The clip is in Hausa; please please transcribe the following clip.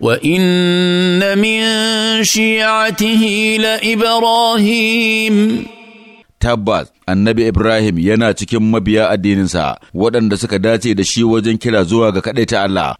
وان من شيعته لابراهيم tabbas annabi Ibrahim yana cikin mabiya addininsa waɗanda suka dace da shi wajen kira zuwa ga kaɗaita Allah